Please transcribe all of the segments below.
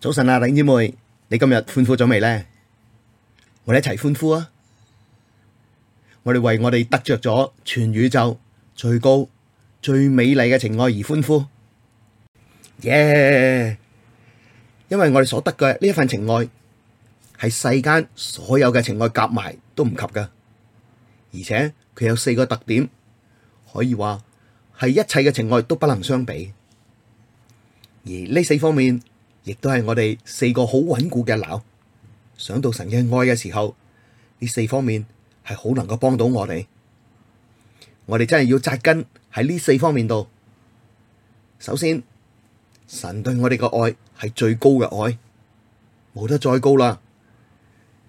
早晨啊，林姐妹，你今日歡呼咗未呢？我哋一齊歡呼啊！我哋為我哋得着咗全宇宙最高最美麗嘅情愛而歡呼，耶、yeah!！因為我哋所得嘅呢一份情愛係世間所有嘅情愛夾埋都唔及噶，而且佢有四個特點，可以話係一切嘅情愛都不能相比，而呢四方面。亦都係我哋四個好穩固嘅樓，想到神嘅愛嘅時候，呢四方面係好能夠幫到我哋。我哋真係要扎根喺呢四方面度。首先，神對我哋嘅愛係最高嘅愛，冇得再高啦。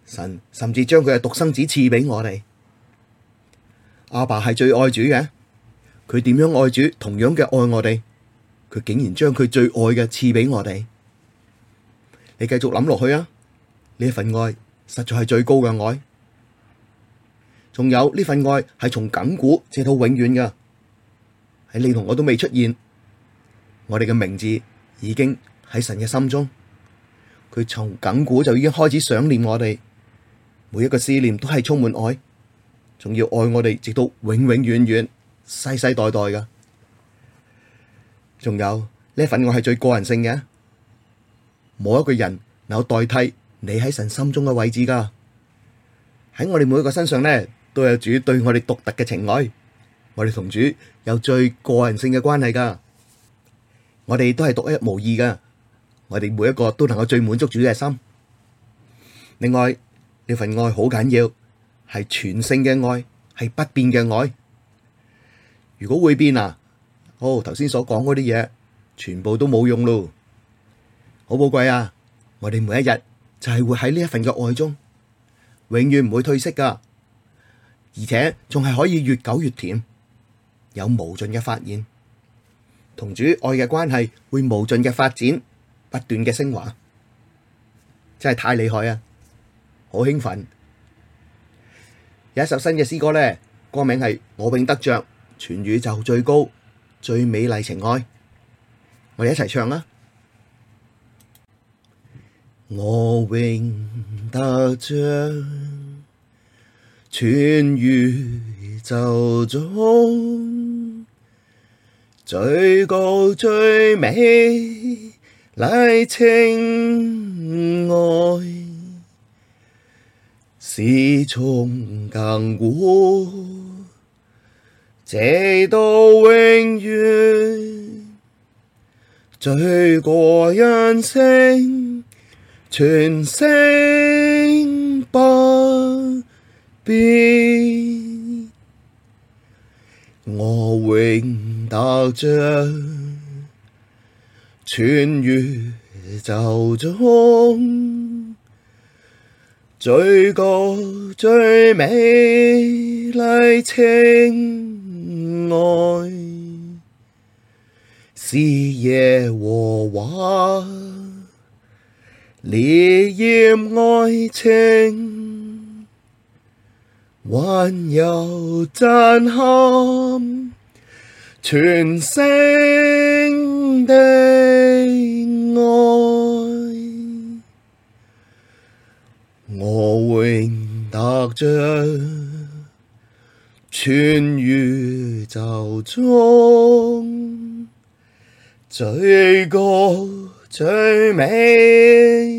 神甚至將佢嘅獨生子賜俾我哋。阿爸係最愛主嘅，佢點樣愛主，同樣嘅愛我哋。佢竟然將佢最愛嘅賜俾我哋。你繼續諗落去啊！呢份愛實在係最高嘅愛，仲有呢份愛係從亘古直到永遠噶。喺你同我都未出現，我哋嘅名字已經喺神嘅心中，佢從亘古就已經開始想念我哋，每一個思念都係充滿愛，仲要愛我哋直到永永遠遠、世世代代噶。仲有呢份愛係最個人性嘅。冇一個人能夠代替你喺神心中嘅位置噶。喺我哋每一個身上咧，都有主對我哋獨特嘅情愛。我哋同主有最個人性嘅關係噶。我哋都係獨一無二噶。我哋每一個都能夠最滿足主嘅心。另外，呢份愛好緊要，係全勝嘅愛，係不變嘅愛。如果會變啊，好頭先所講嗰啲嘢，全部都冇用咯。好寶貴啊！我哋每一日就係會喺呢一份嘅愛中，永遠唔會褪色噶，而且仲係可以越久越甜，有無盡嘅發現，同主愛嘅關係會無盡嘅發展，不斷嘅升華，真係太厲害啊！好興奮！有一首新嘅詩歌咧，歌名係《我永得着全宇宙最高最美麗情愛》，我哋一齊唱啦！我永得著全宇宙中，最高、最美麗情愛，是從亙古直到永遠，最個人性。全勝不變，我永得著全宇宙中最高、最美麗情愛，是耶和華。烈焰愛情，溫柔、震撼，全勝的愛，我永得著全宇宙中，最高最美。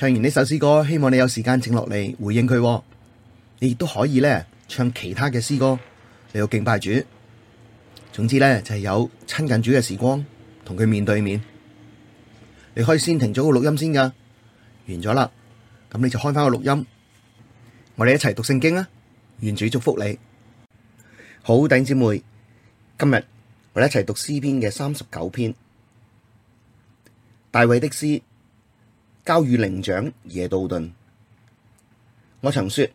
唱完呢首詩歌，希望你有時間靜落嚟回應佢。你亦都可以咧唱其他嘅詩歌，你要敬拜主。總之咧就係有親近主嘅時光，同佢面對面。你可以先停咗個錄音先噶，完咗啦，咁你就開翻個錄音，我哋一齊讀聖經啊！願主祝福你。好弟兄姐妹，今日我哋一齊讀詩篇嘅三十九篇，大衛的詩。交與伶長耶杜頓。我曾說，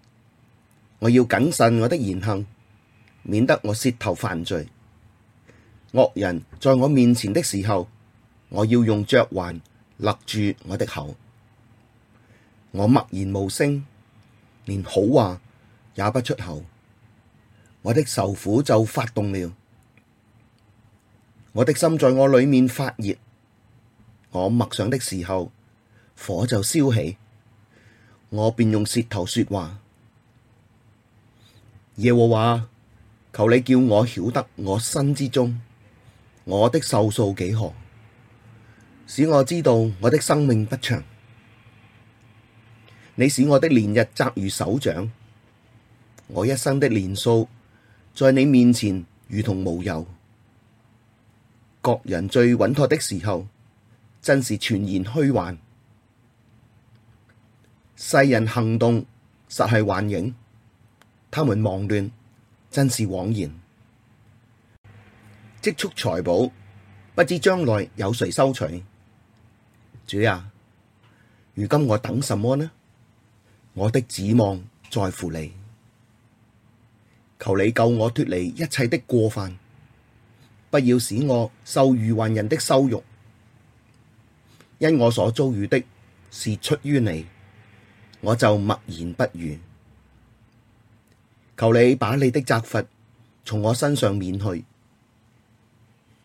我要謹慎我的言行，免得我舌頭犯罪。惡人在我面前的時候，我要用嚼環勒住我的口，我默然無聲，連好話也不出口。我的愁苦就發動了，我的心在我裡面發熱。我默想的時候。火就燒起，我便用舌頭說話。耶和華，求你叫我曉得我身之終，我的壽數幾何，使我知道我的生命不長。你使我的年日窄如手掌，我一生的年數在你面前如同無有。各人最穩妥的時候，真是全然虛幻。世人行動實係幻影，他們忙亂，真是枉然。積蓄財寶，不知將來有誰收取。主啊，如今我等什麼呢？我的指望在乎你，求你救我脫離一切的過犯，不要使我受愚頑人的羞辱，因我所遭遇的是出於你。我就默然不語，求你把你的責罰從我身上免去。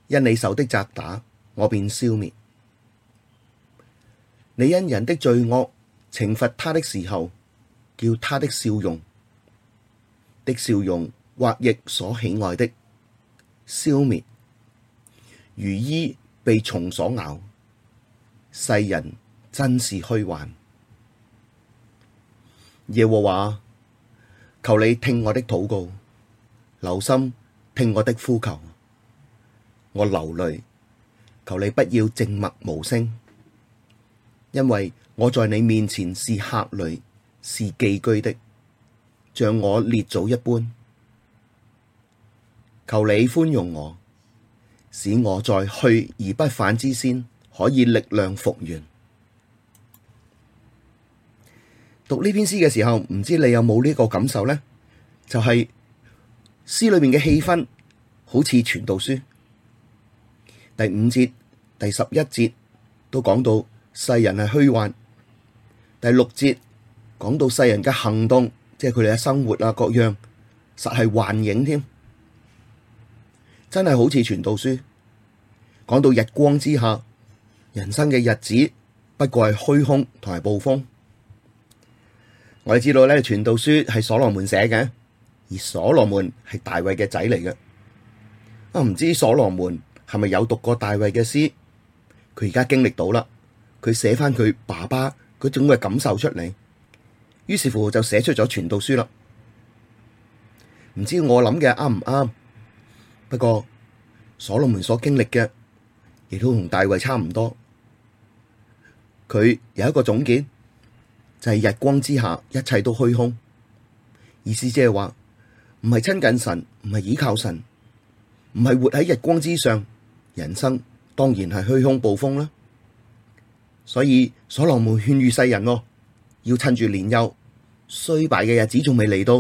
因你手的責打，我便消滅。你因人的罪惡懲罰他的時候，叫他的笑容的笑容或譯所喜愛的消滅，如衣被蟲所咬。世人真是虛幻。耶和華，求你聽我的禱告，留心聽我的呼求。我流淚，求你不要靜默無聲，因為我在你面前是客旅，是寄居的，像我列祖一般。求你寬容我，使我在去而不返之先可以力量復原。讀呢篇詩嘅時候，唔知你有冇呢個感受呢？就係、是、詩裏面嘅氣氛，好似《傳道書》第五節、第十一節都講到世人係虛幻；第六節講到世人嘅行動，即係佢哋嘅生活啊各樣，實係幻影添。真係好似《傳道書》，講到日光之下，人生嘅日子不過係虛空同埋捕風。我哋知道咧，《傳道書》係所羅門寫嘅，而所羅門係大衛嘅仔嚟嘅。我唔知所羅門係咪有讀過大衛嘅詩，佢而家經歷到啦，佢寫翻佢爸爸佢種嘅感受出嚟，於是乎就寫出咗《傳道書》啦。唔知我諗嘅啱唔啱？不過所羅門所經歷嘅亦都同大衛差唔多，佢有一個總結。就係日光之下一切都虛空，意思即係話，唔係親近神，唔係倚靠神，唔係活喺日光之上，人生當然係虛空暴風啦。所以所羅門勸喻世人咯、哦，要趁住年幼、衰敗嘅日子仲未嚟到，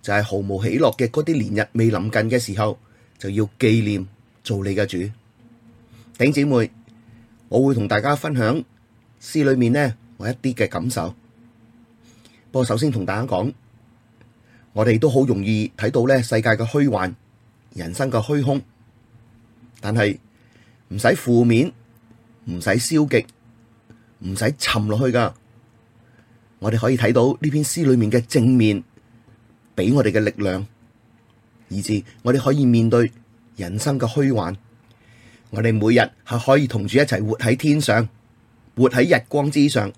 就係、是、毫無喜樂嘅嗰啲年日未臨近嘅時候，就要紀念做你嘅主。頂姐妹，我會同大家分享詩裏面呢，一啲嘅感受，不過首先同大家講，我哋都好容易睇到咧世界嘅虛幻、人生嘅虛空，但係唔使負面、唔使消極、唔使沉落去噶。我哋可以睇到呢篇詩裏面嘅正面，俾我哋嘅力量，以至我哋可以面對人生嘅虛幻。我哋每日係可以同主一齊活喺天上，活喺日光之上。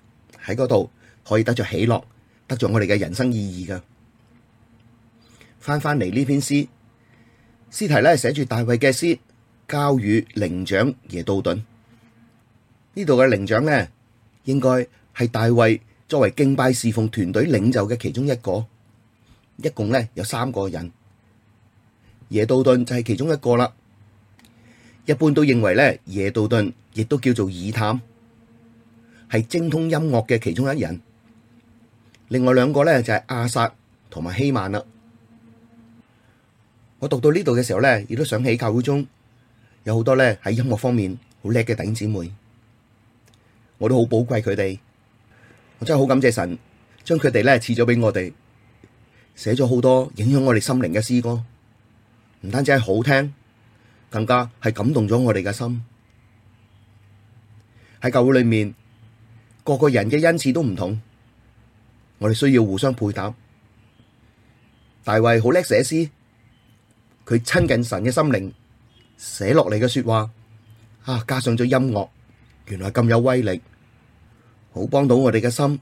喺嗰度可以得着喜樂，得着我哋嘅人生意義噶。翻翻嚟，呢篇詩，詩題咧寫住大衛嘅詩，交與伶長耶杜頓。呢度嘅伶長咧，應該係大衛作為敬拜侍奉團隊領袖嘅其中一個，一共咧有三個人，耶杜頓就係其中一個啦。一般都認為咧，耶杜頓亦都叫做以探，係精通音樂嘅其中一人，另外兩個咧就係阿薩同埋希曼啦。我讀到呢度嘅時候咧，亦都想起教會中有好多咧喺音樂方面好叻嘅弟兄姊妹，我都好寶貴佢哋。我真係好感謝神，將佢哋咧賜咗俾我哋，寫咗好多影響我哋心靈嘅詩歌。唔單止係好聽，更加係感動咗我哋嘅心。喺教會裏面。個個人嘅恩賜都唔同，我哋需要互相配搭。大衛好叻寫詩，佢親近神嘅心靈寫落嚟嘅說話啊，加上咗音樂，原來咁有威力，好幫到我哋嘅心，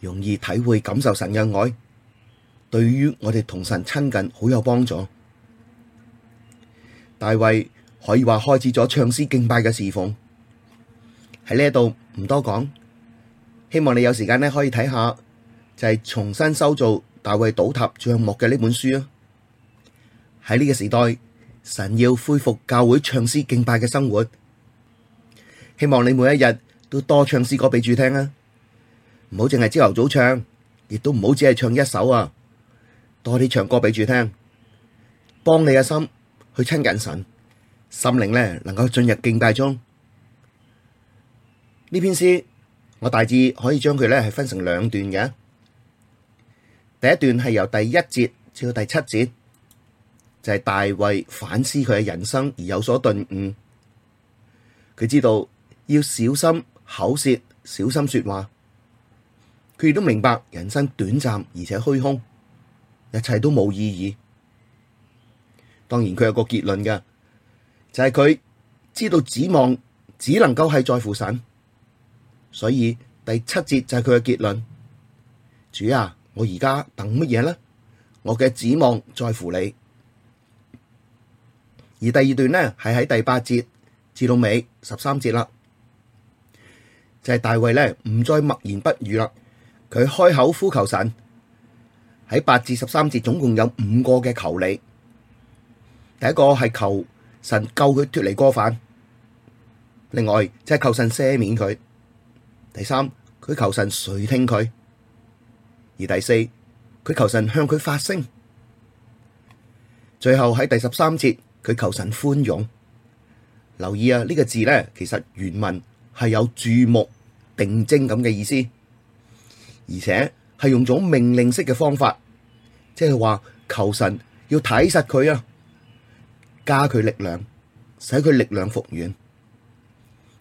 容易體會感受神嘅愛。對於我哋同神親近好有幫助。大衛可以話開始咗唱詩敬拜嘅侍奉，喺呢度唔多講。希望你有時間咧，可以睇下就係重新修造大衛倒塌帳幕嘅呢本書啊！喺呢個時代，神要恢復教會唱詩敬拜嘅生活。希望你每一日都多唱詩歌俾主聽啊！唔好淨係朝頭早唱，亦都唔好只係唱一首啊！多啲唱歌俾主聽，幫你嘅心去親近神，心靈咧能夠進入敬拜中。呢篇詩。我大致可以將佢咧係分成兩段嘅。第一段係由第一節至到第七節，就係大衛反思佢嘅人生而有所頓悟。佢知道要小心口舌，小心說話，佢亦都明白人生短暫而且虛空，一切都冇意義。當然佢有個結論㗎，就係、是、佢知道指望只能夠係在乎神。所以第七節就係佢嘅結論。主啊，我而家等乜嘢呢？我嘅指望在乎你。而第二段呢，係喺第八節至到尾十三節啦，就係、是、大衛呢，唔再默言不語啦，佢開口呼求神。喺八至十三節總共有五個嘅求你。第一個係求神救佢脫離過犯，另外就係求神赦免佢。第三，佢求神垂聽佢。而第四，佢求神向佢發聲。最後喺第十三節，佢求神寬容。留意啊，呢、這個字咧，其實原文係有注目定睛咁嘅意思，而且係用種命令式嘅方法，即係話求神要睇實佢啊，加佢力量，使佢力量復原。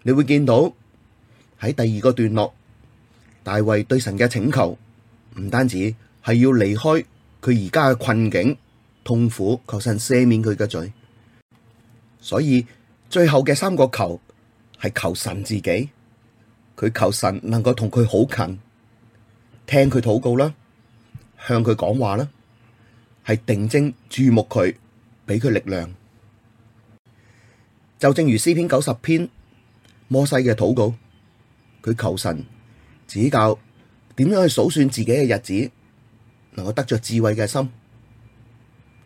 你會見到。喺第二個段落，大衛對神嘅請求唔單止係要離開佢而家嘅困境、痛苦，求神赦免佢嘅罪。所以最後嘅三個求係求神自己，佢求神能夠同佢好近，聽佢禱告啦，向佢講話啦，係定睛注目佢，俾佢力量。就正如詩篇九十篇摩西嘅禱告。佢求神指教點樣去數算自己嘅日子，能夠得着智慧嘅心。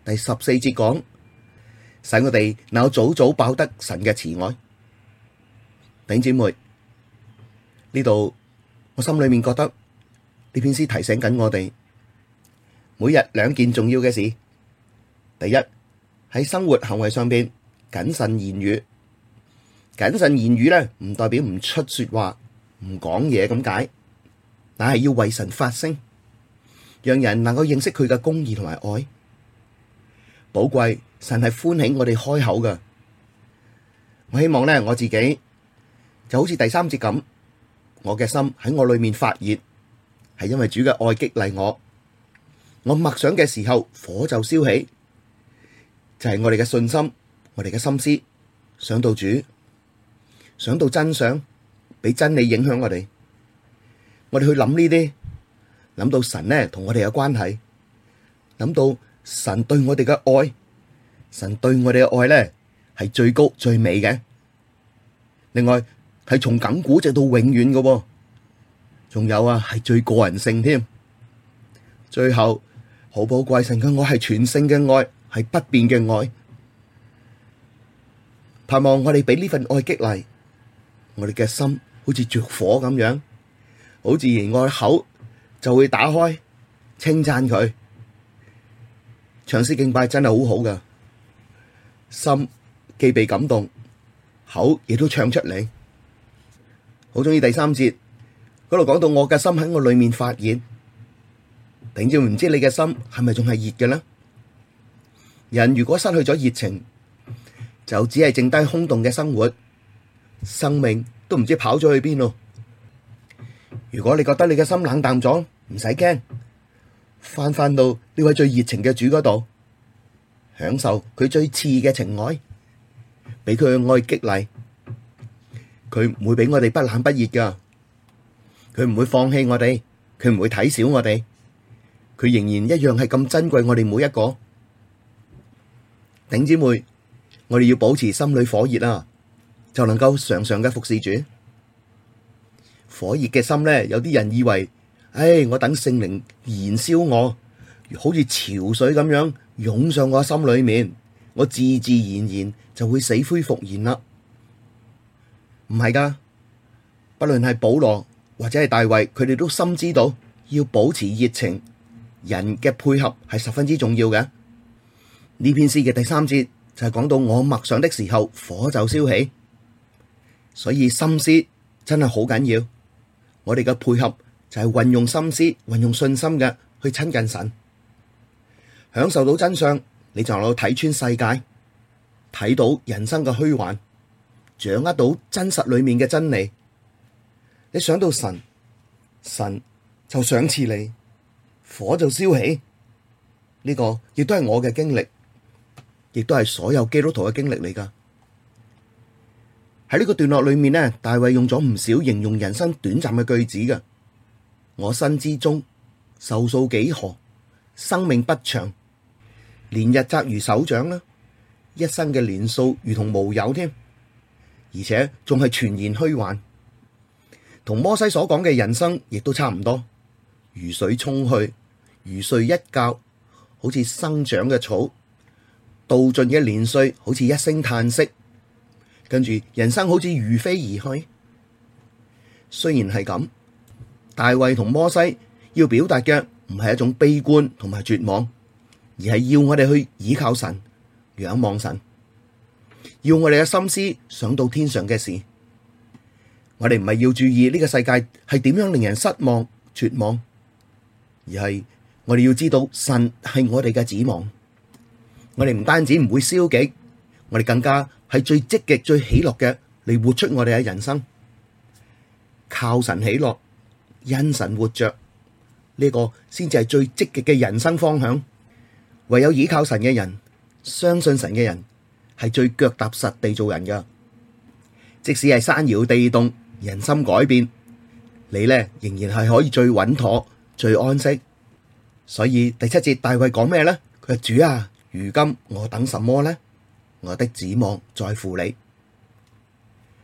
第十四節講，使我哋能夠早早飽得神嘅慈愛。弟兄姊妹，呢度我心裏面覺得呢篇詩提醒緊我哋，每日兩件重要嘅事。第一喺生活行為上邊謹慎言語，謹慎言語呢，唔代表唔出說話。唔講嘢咁解，但係要為神發聲，讓人能夠認識佢嘅公義同埋愛。寶貴，神係歡喜我哋開口嘅。我希望咧我自己就好似第三節咁，我嘅心喺我裡面發熱，係因為主嘅愛激勵我。我默想嘅時候，火就燒起，就係我哋嘅信心，我哋嘅心思，想到主，想到真相。俾真理影響我哋，我哋去諗呢啲，諗到神呢同我哋有關係，諗到神對我哋嘅愛，神對我哋嘅愛呢係最高最美嘅。另外係從亙古直到永遠嘅，仲有啊，係最個人性添。最後好寶貴，神嘅愛係全勝嘅愛，係不變嘅愛。盼望我哋俾呢份愛激勵我哋嘅心。好似着火咁樣，好自然，我口就會打開，稱讚佢唱詩敬拜真係好好噶，心既被感動，口亦都唱出嚟，好中意第三節嗰度講到我嘅心喺我裏面發熱，頂住唔知你嘅心係咪仲係熱嘅呢？人如果失去咗熱情，就只係剩低空洞嘅生活，生命。都唔知跑咗去邊度？如果你覺得你嘅心冷淡咗，唔使驚，翻翻到呢位最熱情嘅主嗰度，享受佢最熾熱嘅情愛，俾佢嘅愛激勵，佢唔會俾我哋不冷不熱噶，佢唔會放棄我哋，佢唔會睇小我哋，佢仍然一樣係咁珍貴我哋每一個。頂姊妹，我哋要保持心裏火熱啦。就能夠常常嘅服侍主，火熱嘅心呢，有啲人以為，誒、哎，我等聖靈燃燒我，好似潮水咁樣湧上我心裏面，我自自然然就會死灰復燃啦。唔係噶，不論係保羅或者係大衛，佢哋都深知道要保持熱情，人嘅配合係十分之重要嘅。呢篇詩嘅第三節就係、是、講到我默想的時候，火就燒起。所以心思真係好緊要，我哋嘅配合就係運用心思、運用信心嘅去親近神，享受到真相，你就能夠睇穿世界，睇到人生嘅虛幻，掌握到真實裏面嘅真理。你想到神，神就賞賜你，火就燒起。呢、這個亦都係我嘅經歷，亦都係所有基督徒嘅經歷嚟㗎。喺呢個段落裏面呢，大衛用咗唔少形容人生短暫嘅句子嘅。我身之終壽數幾何？生命不長，年日窄如手掌啦。一生嘅年數如同無有添，而且仲係全然虛幻。同摩西所講嘅人生亦都差唔多，如水沖去，如睡一覺，好似生長嘅草，度盡嘅年歲好似一聲嘆息。跟住，人生好似如飛而去。雖然係咁，大衛同摩西要表達嘅唔係一種悲觀同埋絕望，而係要我哋去倚靠神、仰望神，要我哋嘅心思想到天上嘅事。我哋唔係要注意呢個世界係點樣令人失望、絕望，而係我哋要知道神係我哋嘅指望。我哋唔單止唔會消極，我哋更加。係最積極、最喜樂嘅嚟，活出我哋嘅人生，靠神喜樂，因神活着呢個先至係最積極嘅人生方向。唯有倚靠神嘅人，相信神嘅人，係最腳踏實地做人噶。即使係山搖地動、人心改變，你呢仍然係可以最穩妥、最安息。所以第七節大衛講咩呢？佢話主啊，如今我等什麼呢？我的指望在乎你。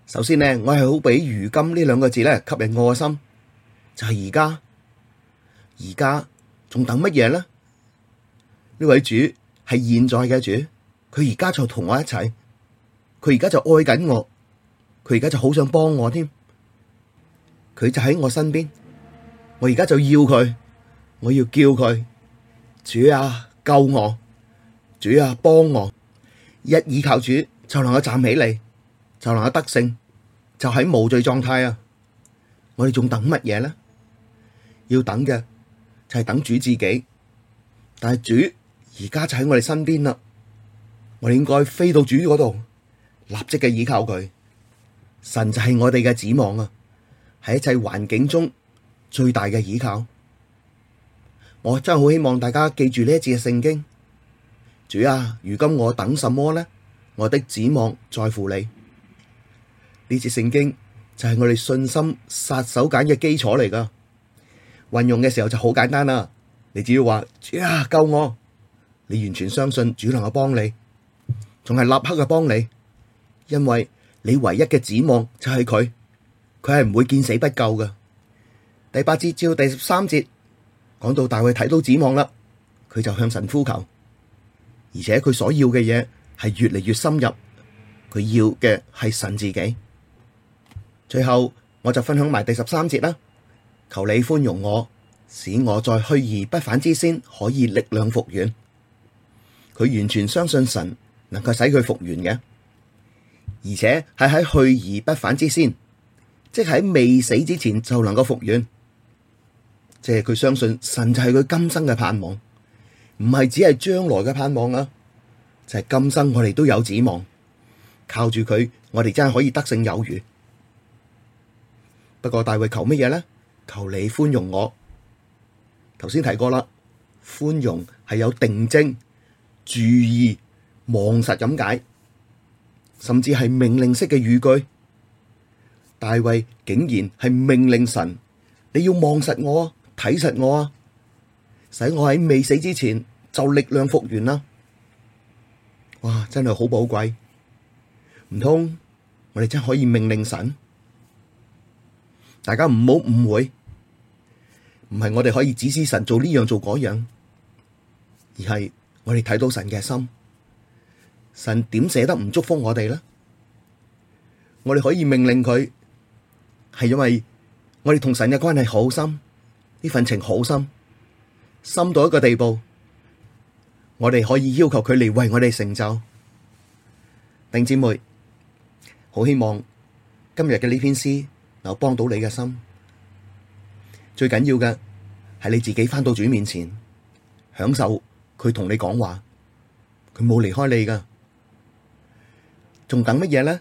首先呢，我係好俾如今呢兩個字咧吸引我嘅心，就係而家，而家仲等乜嘢呢？呢位主係現在嘅主，佢而家就同我一齊，佢而家就在愛緊我，佢而家就好想幫我添，佢就喺我身邊，我而家就要佢，我要叫佢，主啊，救我，主啊，幫我。一依靠主就能夠站起嚟，就能夠得勝，就喺無罪狀態啊！我哋仲等乜嘢咧？要等嘅就係、是、等主自己，但係主而家就喺我哋身邊啦。我哋應該飛到主嗰度，立即嘅依靠佢。神就係我哋嘅指望啊！喺一切環境中最大嘅依靠。我真係好希望大家記住呢一次嘅聖經。主啊，如今我等什麼呢？我的指望在乎你。呢節聖經就係我哋信心殺手鐧嘅基礎嚟噶。運用嘅時候就好簡單啦，你只要話主啊，救我，你完全相信主能夠幫你，仲係立刻嘅幫你，因為你唯一嘅指望就係佢，佢係唔會見死不救噶。第八節至第十三節講到大衛睇到指望啦，佢就向神呼求。而且佢所要嘅嘢係越嚟越深入，佢要嘅係神自己。最後我就分享埋第十三節啦，求你寬容我，使我在去而不返之先可以力量復原。佢完全相信神能夠使佢復原嘅，而且係喺去而不返之先，即係喺未死之前就能夠復原。即係佢相信神就係佢今生嘅盼望。唔係只係將來嘅盼望啊，就係今生我哋都有指望，靠住佢我哋真係可以得勝有餘。不過大衛求乜嘢呢？求你寬容我。頭先提過啦，寬容係有定睛、注意、望實、咁解，甚至係命令式嘅語句。大衛竟然係命令神，你要望實我啊，睇實我啊，使我喺未死之前。就力量復原啦！哇，真係好寶貴。唔通我哋真係可以命令神？大家唔好誤會，唔係我哋可以指示神做呢樣做嗰樣，而係我哋睇到神嘅心。神點捨得唔祝福我哋呢？我哋可以命令佢，係因為我哋同神嘅關係好深，呢份情好深，深到一個地步。我哋可以要求佢嚟為我哋成就，弟兄姊妹，好希望今日嘅呢篇詩，能夠幫到你嘅心。最緊要嘅係你自己翻到主面前，享受佢同你講話，佢冇離開你噶，仲等乜嘢呢？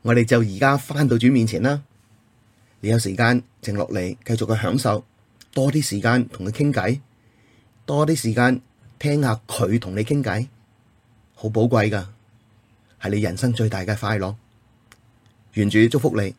我哋就而家翻到主面前啦，你有時間靜落嚟，繼續去享受，多啲時間同佢傾偈，多啲時間。聽下佢同你傾偈，好寶貴噶，係你人生最大嘅快樂。願主祝福你。